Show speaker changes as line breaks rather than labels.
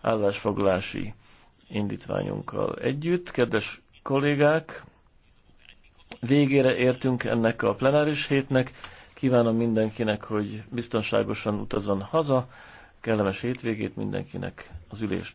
állásfoglalási indítványunkkal együtt. Kedves kollégák, végére értünk ennek a plenáris hétnek. Kívánom mindenkinek, hogy biztonságosan utazon haza, kellemes hétvégét mindenkinek
az ülést.